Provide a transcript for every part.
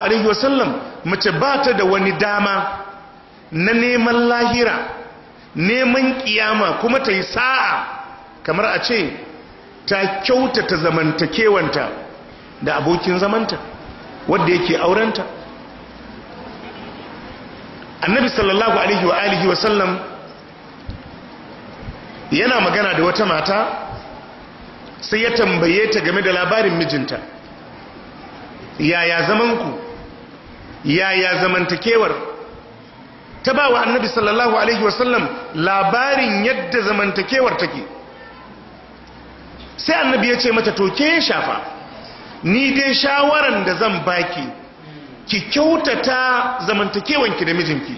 alaihi wasallam mace ba ta da wani dama na neman lahira neman kiyama kuma ta yi sa'a kamar a ce ta kyautata kewanta da abokin zamanta wadda yake aurenta annabi sallallahu alaihi wa alihi wasallam yana magana da wata mata sai ya tambaye ta game da labarin mijinta yaya zaman ku? yaya zamantakewar ta ba wa annabi sallallahu alaihi wasallam labarin yadda zamantakewar take sai annabi ya ce mata toke shafa ni dai shawaran da zan baki ki kyautata zamantakewanki da mijinki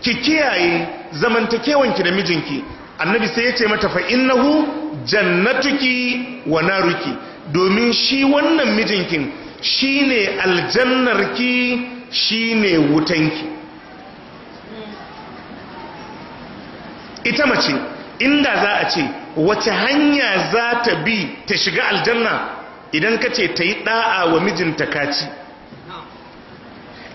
ki kiyaye zamantakewanki da mijinki annabi sai ya ce mata fa innahu jannatuki wa naruki domin shi wannan mijinkin shine aljannarki Shi shine wutanki ita mace inda za a ce wace hanya za ta bi ta shiga aljanna idan ka ce ta yi ɗa'a wa mijinta kaci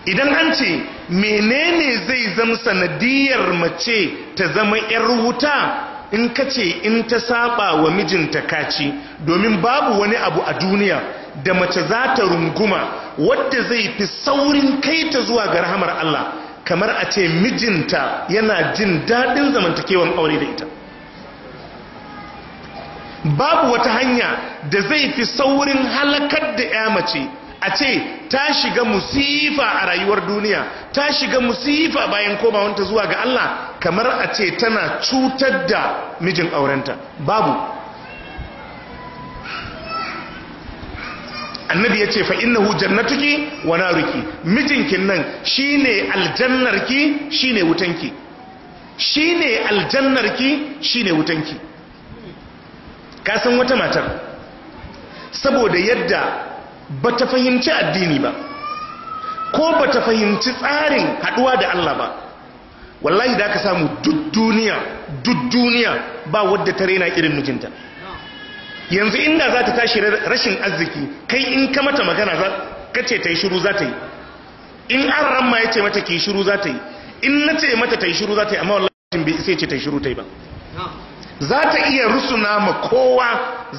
idan an ce menene zai zama sanadiyar mace ta zama 'yar wuta in ka ce in ta saba wa mijinta kaci domin babu wani abu a duniya da mace za ta runguma wadda zai fi saurin kai ta zuwa ga rahamar Allah kamar a ce mijinta yana jin daɗin zamantakewan aure da ita babu wata hanya da zai fi saurin halakar da ya mace a ce ta shiga musifa a rayuwar duniya ta shiga musifa bayan komawanta zuwa ga Allah kamar a ce tana cutar da mijin aurenta babu annabi ya ce fa na jannatuki wa ruki mijinkin nan shi ne aljannarki ne wutanki ne aljannarki ne wutanki ka wata matar saboda yadda ba ta fahimci addini ba ko ba ta fahimci tsarin haduwa da Allah ba wallahi da aka samu duk duniya duk duniya ba wadda ta raina irin mijinta yanzu inda za ta tashi rashin arziki kai in ka mata magana za ka ce ta yi shiru za ta yi in an ramma ya ce mata ki shiru za ta yi in na ce mata ta yi shiru za ta yi amma wallahi sai ce ta yi shiru ta yi ba za ta iya rusuna ma kowa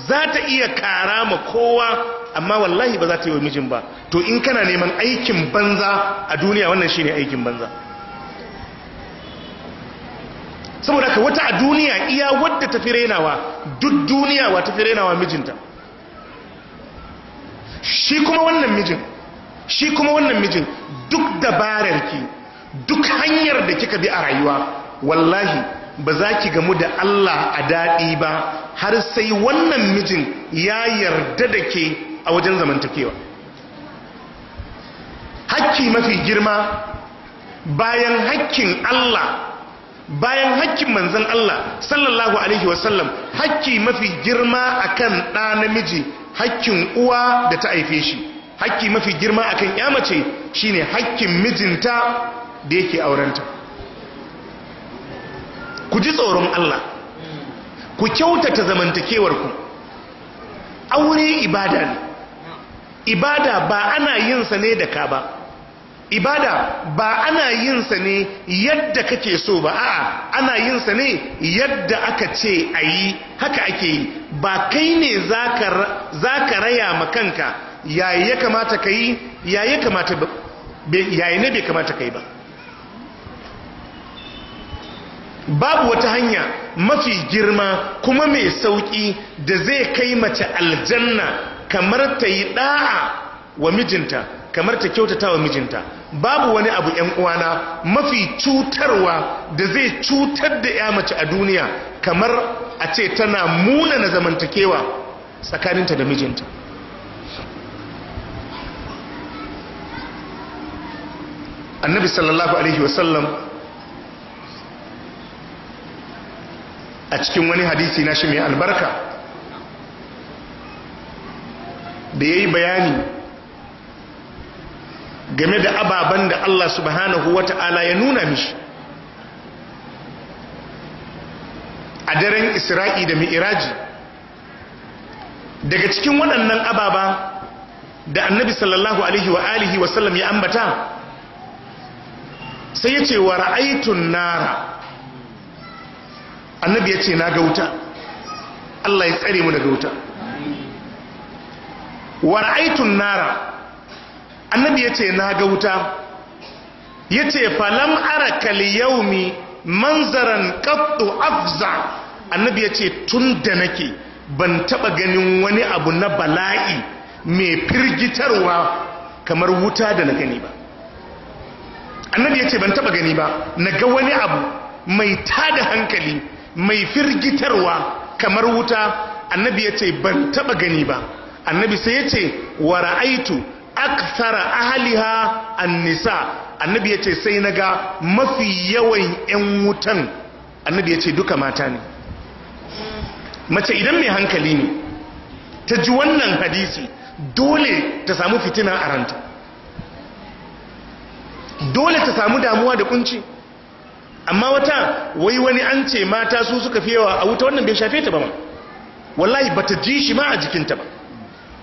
za ta iya kara ma kowa amma wallahi ba za ta yi wa mijin ba to in kana neman aikin banza a duniya wannan shine aikin banza saboda ka wata a duniya iya wadda ta fi renawa duk duniya wa ta fi renawa mijinta shi kuma wannan mijin shi kuma wannan mijin duk dabararki duk hanyar da kika bi a rayuwa wallahi ba za ki gamu da Allah a daɗi ba har sai wannan mijin ya yarda da ke a wajen zamantakewa hakki mafi girma bayan hakkin Allah bayan hakkin manzon Allah sallallahu alaihi wasallam hakki mafi girma akan ɗa namiji hakkin uwa da ta haife shi hakki mafi girma akan ya mace shine hakkin mijinta da yake aurenta ku ji tsoron Allah ku kyautata zamantakewarku aure ibada ne ibada ba ana yin sa ne da ka ba ibada ba ana yin sa ne yadda kake so ba a'a ana yin sa ne yadda aka ce ayi haka ake yi ba kai ne zaka raya ma kanka yayi ya kamata kai yayi kamata yayi ne bai kamata kai ba babu wata hanya mafi girma kuma mai sauki da zai kai mace aljanna kamar ta yi da'a wa mijinta kamar ta kyautata wa mijinta babu wani abu yan uwana mafi cutarwa da zai cutar da ya mace a duniya kamar a ce tana muna na zamantakewa tsakaninta da mijinta annabi sallallahu alaihi wasallam a cikin wani hadisi na shi mai albarka da ya yi bayani game da ababen da Allah subhanahu wa ta'ala ya nuna mishi a daren isra'i da mi'iraji daga cikin waɗannan ababa da annabi sallallahu alaihi wa alihi wasallam ya ambata sai ya ce wa ra'aitun nara annabi ya ce na ga wuta Allah ya tsare mu daga wuta wara'aitun nara annabi ya ce na ga wuta ya ce falam ara kaliyaumi manzaran kattu afza annabi ya ce tun da nake ban taba ganin wani abu na bala'i mai firgitarwa kamar wuta da na gani ba annabi ya ce ban taba gani ba na ga wani abu mai tada hankali mai firgitarwa kamar wuta annabi ya ce ban taba gani ba annabi sai ya ce wa ra'aitu akthara ahliha an-nisa annabi ya ce sai ga mafi yawan yan wutan annabi ya ce duka mata ne mace idan mai hankali ne ta ji wannan hadisi dole ta samu fitina a ranta dole ta samu damuwa da kunci amma wata wai wani an ce mata su suka fi yawa a wuta wannan bai shafe ta ba ma wallahi bata ji shi ma a jikinta ba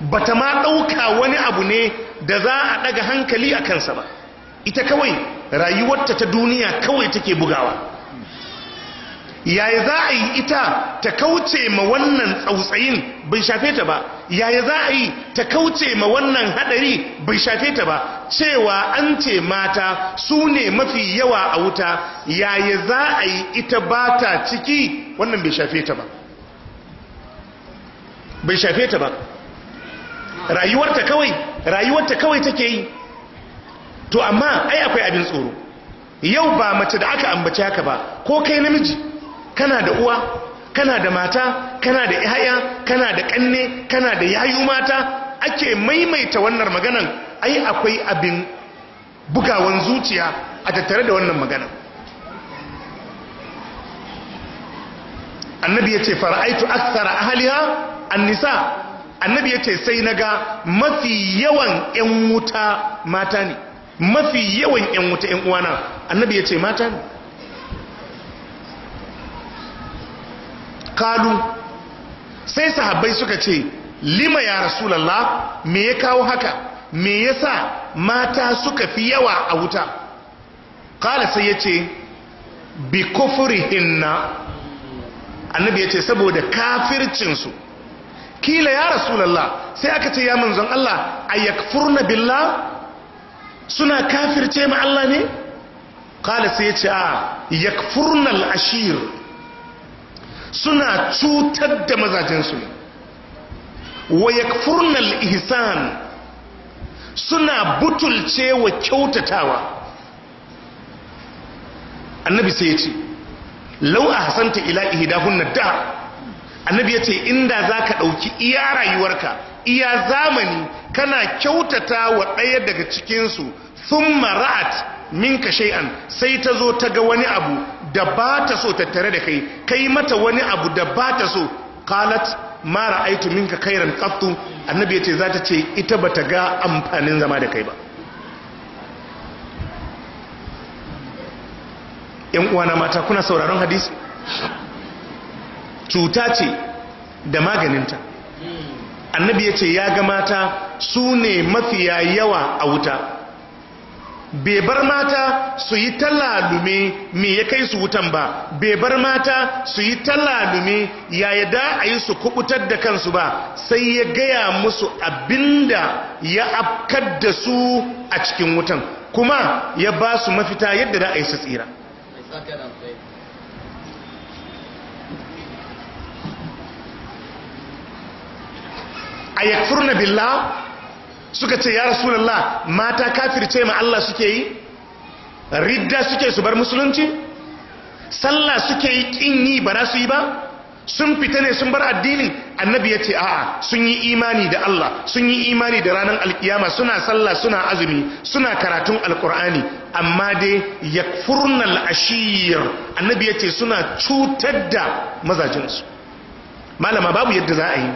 bata ma ɗauka wani abu ne da za a ɗaga hankali a kansa ba ita kawai rayuwarta ta duniya kawai take bugawa yaya za a yi ita ta kauce ma wannan tsautsayin bai shafe ta ba yaya za a yi ta kauce ma wannan hadari bai shafe ta ba cewa an ce mata su ne mafi yawa a wuta yaya za a yi ita ba ta ciki wannan bai shafe ta ba bai shafe ta ba rayuwarta kawai rayuwarta kawai take yi to amma ai akwai abin tsoro yau ba mace da aka ambace haka ba ko kai namiji kana da uwa kana da mata kana da yaya kana da kanne kana da yayu mata ake maimaita wannan maganan ai akwai abin bugawan zuciya a tattare da wannan maganan annabi ya ce fara'aitu aksara ahaliha annisa annabi ya ce sai na ga mafi yawan 'yan wuta mata ne mafi yawan 'yan wuta 'yan uwana annabi ya ce mata ne kalu sai sahabbai suka ce lima ya rasulallah me ya kawo haka me yasa mata suka fi yawa a wuta kala sai ya ce bi na. annabi ya ce saboda kafircinsu kila ya rasulallah sai aka ce ya manzon Allah a yakfurna billah suna kafirce ma Allah ne kala sai ya ce a yakfurnal ashir suna cutar da mazajensu ne wa furnal ihsan suna butulce wa kyautatawa annabi sai ya ce lau a hasanta ila na da annabi ya ce inda za ka ɗauki iya rayuwarka iya zamani kana kyautata wa ɗaya daga cikinsu sun mara'at minka ka sai ta zo ta ga wani abu da ba ta so tattare da kai kai mata wani abu da ba ta so kalat mara aitu minka kairan tsattu annabi ya ce za ta ce ita ba ta ga amfanin zama da kai ba yan uwana mata kuna sauraron hadisi cuta ce da maganinta annabi ya ce ya ga mata su ne mafiya yawa a wuta bebar mata su yi talalume me ya kai su wutan ba bai mata su yi talalume ya yada a yi su kubutar da kansu ba sai ya gaya musu abinda ya afkar da su a cikin wutan kuma ya ba su mafita yadda da a yi su tsira a yakfurna billah suka ce ya rasulallah mata kafirce ma Allah suke yi ridda suke su bar musulunci sallah suke yi kin yi ba su yi ba sun fita ne sun bar addini annabi ya ce a'a sun yi imani da Allah sun yi imani da ranar alkiyama suna sallah suna azumi suna karatun alkur'ani amma dai ya furnal ashir annabi ya ce suna cutar da mazajinsu malama babu yadda za a yi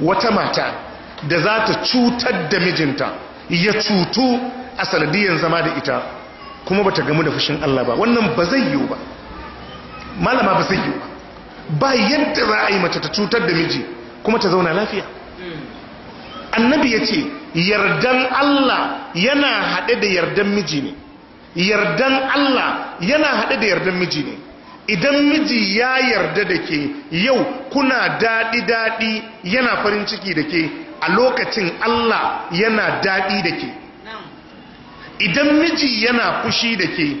wata mata da za ta cutar da mijinta ya cutu a sanadiyar zama da ita kuma ba ta gamu da fushin Allah ba wannan ba zai yiwu ba malama ba zai yiwu ba ba yadda za a yi mace ta cutar da miji kuma ta zauna lafiya annabi ya ce yardan Allah yana haɗe da yardan miji ne yardan Allah yana haɗe da yardan miji ne idan miji ya yarda da ke yau kuna daɗi daɗi yana farin ciki da ke a lokacin Allah yana daɗi da ke idan miji yana fushi da ke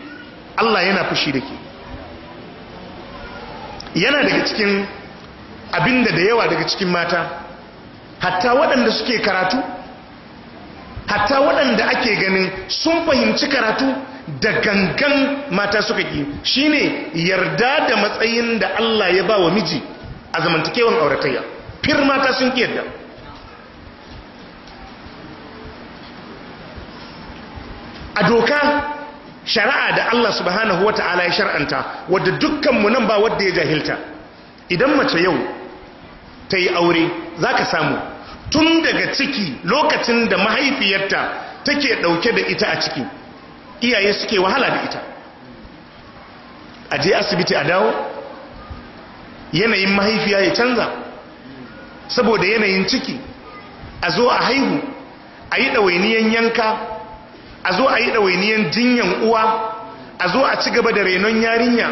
Allah yana fushi da ke yana daga cikin abinda da yawa daga cikin mata hatta waɗanda suke karatu hatta waɗanda ake ganin sun fahimci karatu da gangan mata suka ki shine yarda da matsayin da Allah ya ba wa miji a zamantakewan auratayya fir mata sun ki yarda a doka shari'a da Allah subhanahu ta'ala ya shar'anta wadda dukkanmu nan ba wadda ya jahilta idan mace yau ta yi aure za ka samu tun daga ciki lokacin da mahaifiyarta take ɗauke da ita a ciki iyaye suke wahala da ita a je asibiti a dawo yanayin mahaifiya ya canza saboda yanayin ciki a zo a haihu a yi ɗawainiyan yanka a zo a yi ɗawainiyan jinyan uwa a zo a ci gaba da renon yarinya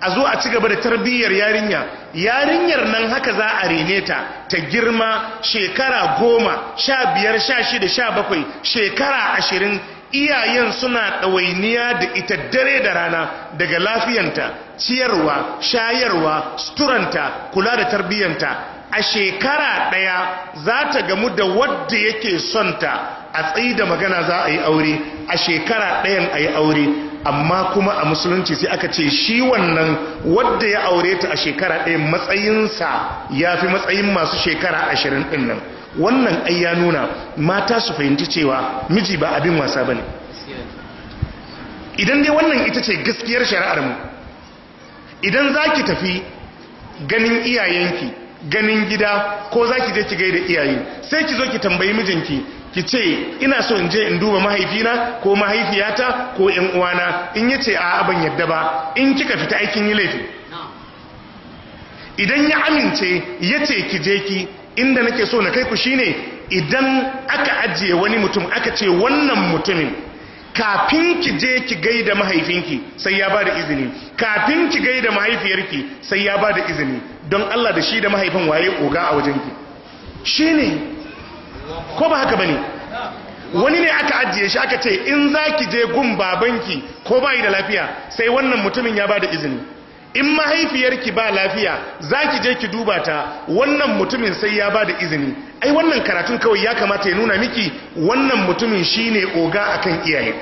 a zo a ci gaba da tarbiyyar yarinya yarinyar nan haka za a rene ta ta girma shekara goma sha biyar sha shida sha bakwai shekara ashirin iyayen suna ɗawainiya da ita dare da rana daga lafiyanta ciyarwa shayarwa suturanta kula da tarbiyyanta a shekara ɗaya za ta gamu da wadda yake sonta a tsayi da magana za a yi aure a shekara ɗayan a yi aure amma kuma a musulunci sai aka ce shi wannan wadda ya aure ta a shekara ɗayan matsayinsa ya fi matsayin masu shekara ashirin ɗin nan wannan ai ya nuna mata su fahimci cewa miji ba abin wasa bane idan dai wannan ita ce gaskiyar shari'ar mu idan zaki tafi ganin iyayenki ganin gida ko zaki je ki gaida iyaye sai ki zo ki tambayi mijinki ki ce ina so in je in duba mahaifina ko mahaifiyata ko ƴan uwana in yace a ban yadda ba in kika fita aikin yi laifi idan ya amince yace ki je ki inda nake so na kai ku shine idan aka ajiye wani mutum aka ce wannan mutumin kafin ki je ki gaida mahaifinki sai ya bada izini kafin ki gaida mahaifiyarki sai ya bada izini don Allah da shi da mahaifin waye oga a wajenki shine ko ba haka bane wani ne aka ajiye shi aka ce in zaki je gun babanki ko bai da lafiya sai wannan mutumin ya bada izini in mahaifiyarki ba lafiya za ki je ki duba ta wannan mutumin sai ya ba da izini ai wannan karatun kawai ya kamata ya nuna miki wannan mutumin shine oga akan iyaye